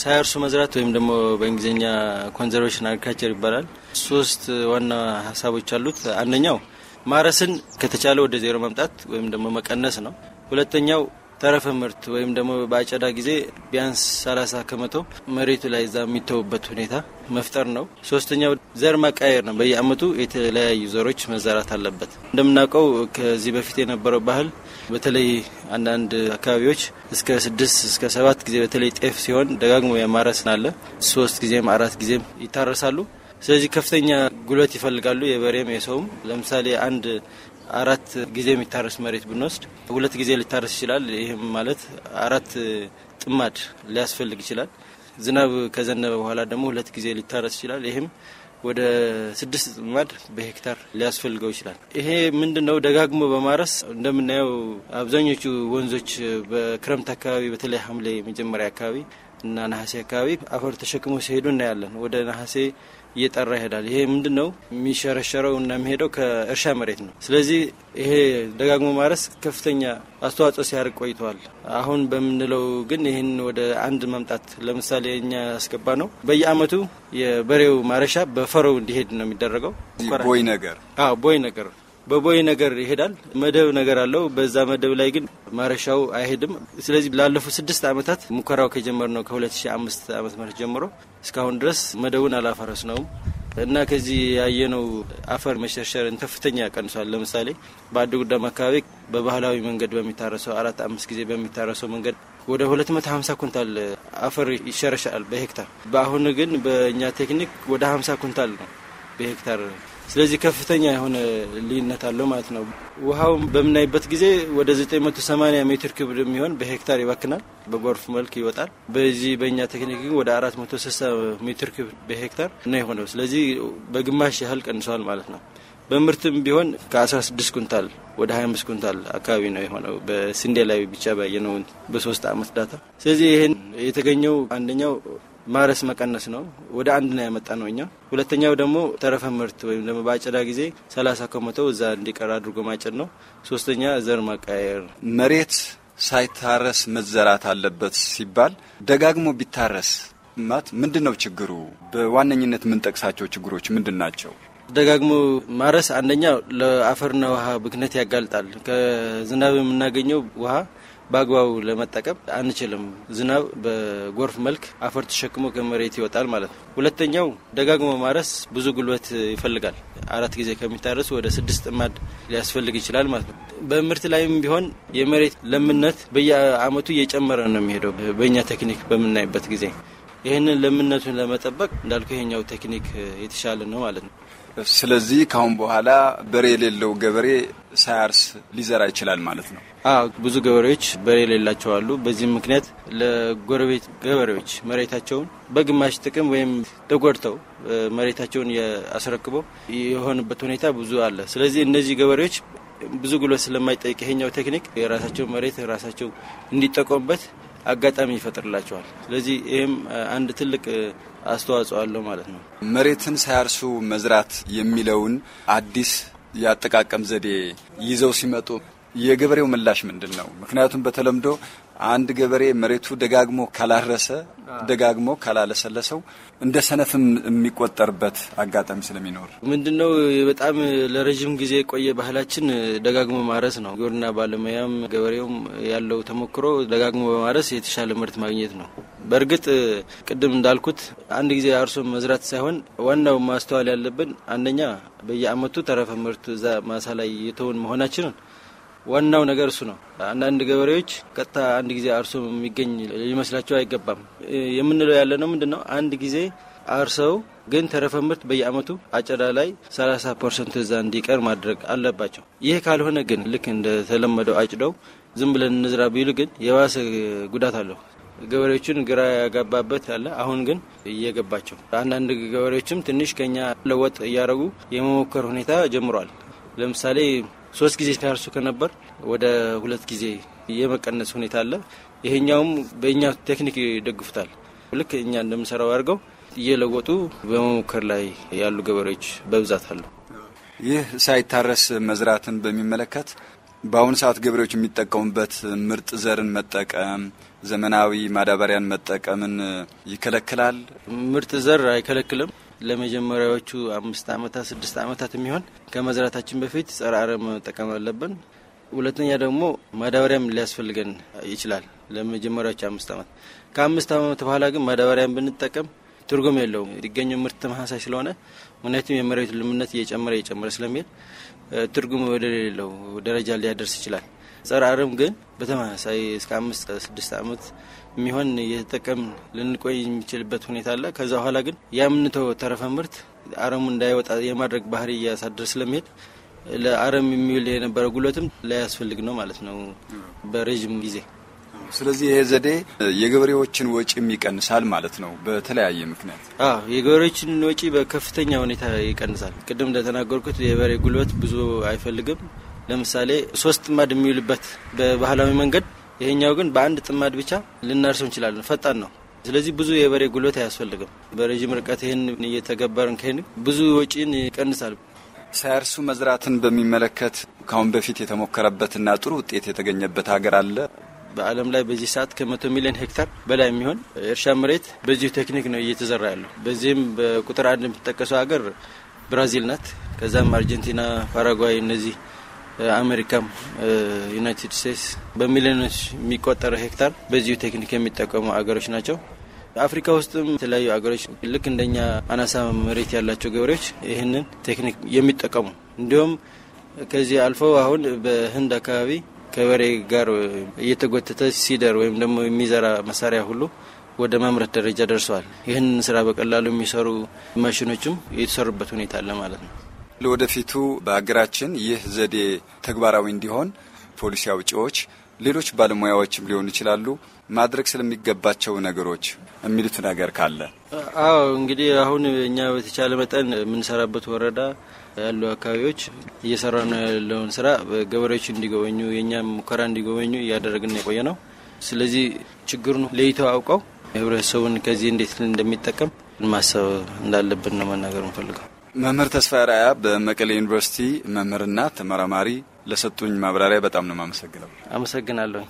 ሳያርሱ መዝራት ወይም ደግሞ በእንግሊዝኛ ኮንዘርቬሽን አግሪካልቸር ይባላል። ሶስት ዋና ሀሳቦች አሉት። አንደኛው ማረስን ከተቻለ ወደ ዜሮ መምጣት ወይም ደግሞ መቀነስ ነው። ሁለተኛው ተረፈ ምርት ወይም ደግሞ በአጨዳ ጊዜ ቢያንስ 30 ከመቶ መሬቱ ላይ እዛ የሚተውበት ሁኔታ መፍጠር ነው። ሶስተኛው ዘር መቃየር ነው። በየአመቱ የተለያዩ ዘሮች መዘራት አለበት። እንደምናውቀው ከዚህ በፊት የነበረው ባህል በተለይ አንዳንድ አካባቢዎች እስከ ስድስት እስከ ሰባት ጊዜ በተለይ ጤፍ ሲሆን ደጋግሞ የማረስን አለ። ሶስት ጊዜም አራት ጊዜም ይታረሳሉ። ስለዚህ ከፍተኛ ጉልበት ይፈልጋሉ፣ የበሬም የሰውም። ለምሳሌ አንድ አራት ጊዜ የሚታረስ መሬት ብንወስድ ሁለት ጊዜ ሊታረስ ይችላል። ይህም ማለት አራት ጥማድ ሊያስፈልግ ይችላል። ዝናብ ከዘነበ በኋላ ደግሞ ሁለት ጊዜ ሊታረስ ይችላል። ይህም ወደ ስድስት ጥማድ በሄክታር ሊያስፈልገው ይችላል። ይሄ ምንድን ነው ደጋግሞ በማረስ እንደምናየው አብዛኞቹ ወንዞች በክረምት አካባቢ በተለይ ሐምሌ መጀመሪያ አካባቢ እና ነሐሴ አካባቢ አፈር ተሸክሞ ሲሄዱ እናያለን ወደ ነሐሴ እየጠራ ይሄዳል። ይሄ ምንድን ነው የሚሸረሸረው እና የሚሄደው ከእርሻ መሬት ነው። ስለዚህ ይሄ ደጋግሞ ማረስ ከፍተኛ አስተዋጽኦ ሲያደርግ ቆይተዋል። አሁን በምንለው ግን ይህን ወደ አንድ ማምጣት ለምሳሌ እኛ ያስገባ ነው። በየአመቱ የበሬው ማረሻ በፈረው እንዲሄድ ነው የሚደረገው። ቦይ ነገር ቦይ ነገር በቦይ ነገር ይሄዳል። መደብ ነገር አለው። በዛ መደብ ላይ ግን ማረሻው አይሄድም። ስለዚህ ላለፉት ስድስት ዓመታት ሙከራው ከጀመር ነው ከ2005 ዓመት ምህረት ጀምሮ እስካሁን ድረስ መደቡን አላፈረስ ነውም እና ከዚህ ያየነው አፈር መሸርሸርን ከፍተኛ ቀንሷል። ለምሳሌ በአዲ ጉዳም አካባቢ በባህላዊ መንገድ በሚታረሰው አራት አምስት ጊዜ በሚታረሰው መንገድ ወደ 250 ኩንታል አፈር ይሸረሻል በሄክታር። በአሁኑ ግን በእኛ ቴክኒክ ወደ 50 ኩንታል ነው በሄክታር ስለዚህ ከፍተኛ የሆነ ልዩነት አለው ማለት ነው። ውሃው በምናይበት ጊዜ ወደ 980 ሜትር ክብር የሚሆን በሄክታር ይበክናል። በጎርፍ መልክ ይወጣል። በዚህ በእኛ ቴክኒክ ግን ወደ 460 ሜትር ክብር በሄክታር ነው የሆነው። ስለዚህ በግማሽ ያህል ቀንሷል ማለት ነው። በምርትም ቢሆን ከ16 ኩንታል ወደ 25 ኩንታል አካባቢ ነው የሆነው በስንዴ ላይ ብቻ ባየነው በሶስት አመት ዳታ። ስለዚህ ይህን የተገኘው አንደኛው ማረስ መቀነስ ነው። ወደ አንድ ነው ያመጣ ነው እኛ። ሁለተኛው ደግሞ ተረፈ ምርት ወይም ደግሞ በአጨዳ ጊዜ ሰላሳ ከመቶ እዛ እንዲቀር አድርጎ ማጨድ ነው። ሶስተኛ ዘር ማቀያየር መሬት ሳይታረስ መዘራት አለበት ሲባል ደጋግሞ ቢታረስ ማት ምንድን ነው ችግሩ? በዋነኝነት የምንጠቅሳቸው ችግሮች ምንድን ናቸው? ደጋግሞ ማረስ አንደኛ ለአፈርና ውሃ ብክነት ያጋልጣል። ከዝናብ የምናገኘው ውሃ በአግባቡ ለመጠቀም አንችልም። ዝናብ በጎርፍ መልክ አፈር ተሸክሞ ከመሬት ይወጣል ማለት ነው። ሁለተኛው ደጋግሞ ማረስ ብዙ ጉልበት ይፈልጋል። አራት ጊዜ ከሚታረሱ ወደ ስድስት ጥማድ ሊያስፈልግ ይችላል ማለት ነው። በምርት ላይም ቢሆን የመሬት ለምነት በየአመቱ እየጨመረ ነው የሚሄደው በእኛ ቴክኒክ በምናይበት ጊዜ ይህንን ለምነቱን ለመጠበቅ እንዳልኩ ይሄኛው ቴክኒክ የተሻለ ነው ማለት ነው። ስለዚህ ካሁን በኋላ በሬ የሌለው ገበሬ ሳያርስ ሊዘራ ይችላል ማለት ነው። አዎ ብዙ ገበሬዎች በሬ የሌላቸው አሉ። በዚህም ምክንያት ለጎረቤት ገበሬዎች መሬታቸውን በግማሽ ጥቅም ወይም ተጎድተው መሬታቸውን አስረክበው የሆንበት ሁኔታ ብዙ አለ። ስለዚህ እነዚህ ገበሬዎች ብዙ ጉልበት ስለማይጠይቅ ይሄኛው ቴክኒክ የራሳቸው መሬት ራሳቸው እንዲጠቀሙበት አጋጣሚ ይፈጥርላቸዋል። ስለዚህ ይህም አንድ ትልቅ አስተዋጽኦ አለው ማለት ነው። መሬትን ሳያርሱ መዝራት የሚለውን አዲስ የአጠቃቀም ዘዴ ይዘው ሲመጡ የገበሬው ምላሽ ምንድን ነው? ምክንያቱም በተለምዶ አንድ ገበሬ መሬቱ ደጋግሞ ካላረሰ ደጋግሞ ካላለሰለሰው እንደ ሰነፍም የሚቆጠርበት አጋጣሚ ስለሚኖር ምንድን ነው በጣም ለረዥም ጊዜ የቆየ ባህላችን ደጋግሞ ማረስ ነው። ግብርና ባለሙያም ገበሬውም ያለው ተሞክሮ ደጋግሞ በማረስ የተሻለ ምርት ማግኘት ነው። በእርግጥ ቅድም እንዳልኩት አንድ ጊዜ አርሶ መዝራት ሳይሆን ዋናው ማስተዋል ያለብን አንደኛ በየአመቱ ተረፈ ምርት እዛ ማሳ ላይ የተውን መሆናችንን ዋናው ነገር እሱ ነው። አንዳንድ ገበሬዎች ቀጥታ አንድ ጊዜ አርሶ የሚገኝ ሊመስላቸው አይገባም። የምንለው ያለ ነው ምንድን ነው አንድ ጊዜ አርሰው ግን ተረፈ ምርት በየአመቱ አጨዳ ላይ 30 ፐርሰንት እዛ እንዲቀር ማድረግ አለባቸው። ይህ ካልሆነ ግን ልክ እንደተለመደው አጭደው ዝም ብለን እንዝራ ቢሉ ግን የባሰ ጉዳት አለው። ገበሬዎችን ግራ ያጋባበት አለ። አሁን ግን እየገባቸው አንዳንድ ገበሬዎችም ትንሽ ከኛ ለወጥ እያደረጉ የመሞከር ሁኔታ ጀምሯል። ለምሳሌ ሶስት ጊዜ ሲያርሱ ከነበር ወደ ሁለት ጊዜ የመቀነስ ሁኔታ አለ። ይሄኛውም በእኛ ቴክኒክ ይደግፉታል። ልክ እኛ እንደምንሰራው አድርገው እየለወጡ በመሞከር ላይ ያሉ ገበሬዎች በብዛት አሉ። ይህ ሳይታረስ መዝራትን በሚመለከት በአሁኑ ሰዓት ገበሬዎች የሚጠቀሙበት ምርጥ ዘርን መጠቀም ዘመናዊ ማዳበሪያን መጠቀምን ይከለክላል። ምርጥ ዘር አይከለክልም። ለመጀመሪያዎቹ አምስት ዓመታት ስድስት ዓመታት የሚሆን ከመዝራታችን በፊት ጸረ አረም መጠቀም አለብን። ሁለተኛ ደግሞ ማዳበሪያም ሊያስፈልገን ይችላል ለመጀመሪያዎቹ አምስት አመት። ከአምስት ዓመት በኋላ ግን ማዳበሪያም ብንጠቀም ትርጉም የለውም። ሊገኘው ምርት ተመሳሳይ ስለሆነ ምክንያቱም የመሬቱ ልምነት እየጨመረ እየጨመረ ስለሚሄድ ትርጉም ወደሌለው ደረጃ ሊያደርስ ይችላል። ጸረ አረም ግን በተመሳሳይ እስከ አምስት ስድስት ዓመት የሚሆን እየተጠቀምን ልንቆይ የሚችልበት ሁኔታ አለ። ከዛ በኋላ ግን ያምንተው ተረፈ ምርት አረሙ እንዳይወጣ የማድረግ ባህሪ እያሳደር ስለሚሄድ ለአረም የሚውል የነበረ ጉልበትም ላያስፈልግ ነው ማለት ነው በረዥም ጊዜ። ስለዚህ ይሄ ዘዴ የገበሬዎችን ወጪም ይቀንሳል ማለት ነው። በተለያየ ምክንያት አዎ የገበሬዎችን ወጪ በከፍተኛ ሁኔታ ይቀንሳል። ቅድም እንደተናገርኩት የበሬ ጉልበት ብዙ አይፈልግም። ለምሳሌ ሶስት ጥማድ የሚውልበት በባህላዊ መንገድ፣ ይሄኛው ግን በአንድ ጥማድ ብቻ ልናርሰው እንችላለን። ፈጣን ነው። ስለዚህ ብዙ የበሬ ጉልበት አያስፈልግም። በረዥም ርቀት ይህን እየተገበርን ከሄን ብዙ ወጪን ይቀንሳል። ሳያርሱ መዝራትን በሚመለከት ከአሁን በፊት የተሞከረበትና ጥሩ ውጤት የተገኘበት ሀገር አለ። በዓለም ላይ በዚህ ሰዓት ከመቶ ሚሊዮን ሄክታር በላይ የሚሆን እርሻ መሬት በዚሁ ቴክኒክ ነው እየተዘራ ያለው። በዚህም በቁጥር አንድ የምትጠቀሰው ሀገር ብራዚል ናት። ከዛም አርጀንቲና፣ ፓራጓይ እነዚህ አሜሪካም ዩናይትድ ስቴትስ በሚሊዮኖች የሚቆጠረ ሄክታር በዚሁ ቴክኒክ የሚጠቀሙ አገሮች ናቸው። አፍሪካ ውስጥም የተለያዩ አገሮች ልክ እንደኛ አናሳ መሬት ያላቸው ገበሬዎች ይህንን ቴክኒክ የሚጠቀሙ እንዲሁም ከዚህ አልፈው አሁን በህንድ አካባቢ ከበሬ ጋር እየተጎተተ ሲደር ወይም ደግሞ የሚዘራ መሳሪያ ሁሉ ወደ ማምረት ደረጃ ደርሰዋል። ይህንን ስራ በቀላሉ የሚሰሩ ማሽኖችም የተሰሩበት ሁኔታ አለ ማለት ነው። ለወደፊቱ በሀገራችን ይህ ዘዴ ተግባራዊ እንዲሆን ፖሊሲ አውጪዎች፣ ሌሎች ባለሙያዎችም ሊሆኑ ይችላሉ ማድረግ ስለሚገባቸው ነገሮች የሚሉት ነገር ካለ? አዎ እንግዲህ አሁን እኛ በተቻለ መጠን የምንሰራበት ወረዳ ያሉ አካባቢዎች እየሰራ ነው ያለውን ስራ ገበሬዎች እንዲጎበኙ የእኛ ሙከራ እንዲጎበኙ እያደረግን የቆየ ነው። ስለዚህ ችግሩን ለይተው አውቀው ህብረተሰቡን ከዚህ እንዴት እንደሚጠቀም ማሰብ እንዳለብን ነው መናገር እንፈልገው። መምህር ተስፋ ራያ በመቀሌ ዩኒቨርሲቲ መምህርና ተመራማሪ ለሰጡኝ ማብራሪያ በጣም ነው የማመሰግነው። አመሰግናለሁኝ።